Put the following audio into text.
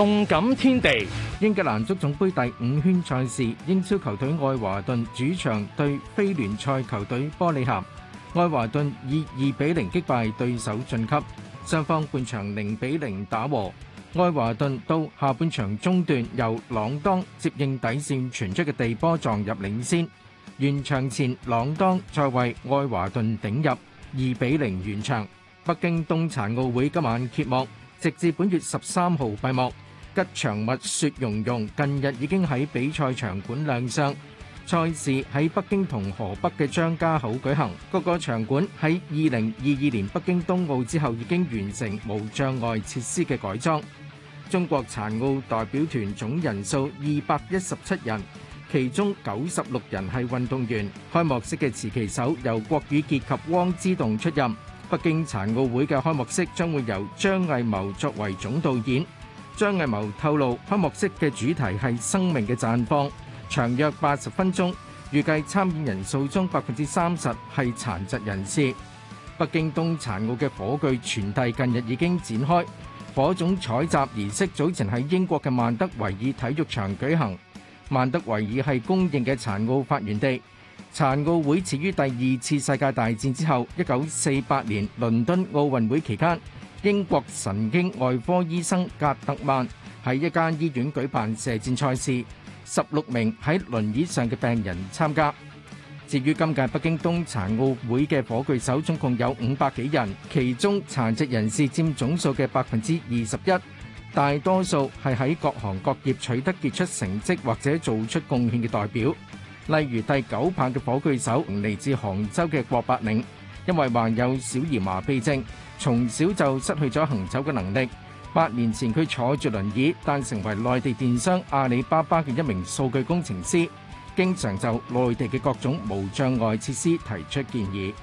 動感天地，英格蘭足總盃第五圈賽事，英超球隊愛華頓主場對非聯賽球隊波利咸，愛華頓以二比零擊敗對手晉級。雙方半場零比零打和，愛華頓到下半場中段由朗當接應底線傳出嘅地波撞入領先，完場前朗當再為愛華頓頂入二比零完場。北京冬殘奧會今晚揭幕，直至本月十三號閉幕。吉祥物雪容融近日已經喺比賽場館亮相。賽事喺北京同河北嘅張家口舉行，各個場館喺二零二二年北京冬奧之後已經完成無障礙設施嘅改裝。中國殘奧代表團總人數二百一十七人，其中九十六人係運動員。開幕式嘅持旗手由郭雨潔及汪之棟出任。北京殘奧會嘅開幕式將會由張藝謀作為總導演。張藝謀透露，開幕式嘅主題係生命嘅綻放，長約八十分鐘。預計參演人數中百分之三十係殘疾人士。北京冬殘奧嘅火炬傳遞近日已經展開，火種採集儀式早前喺英國嘅曼德維爾體育場舉行。曼德維爾係公認嘅殘奧發源地。殘奧會始於第二次世界大戰之後，一九四八年倫敦奧運會期間。英國神經外科醫生格特曼喺一間醫院舉辦射箭賽事，十六名喺輪椅上嘅病人參加。至於今屆北京冬殘奧會嘅火炬手總共有五百幾人，其中殘疾人士佔總數嘅百分之二十一，大多數係喺各行各業取得傑出成績或者做出貢獻嘅代表。例如第九棒嘅火炬手嚟自杭州嘅郭百嶺，因為患有小兒麻痹症，從小就失去咗行走嘅能力，八年前佢坐住輪椅，但成為內地電商阿里巴巴嘅一名數據工程師，經常就內地嘅各種無障礙設施提出建議。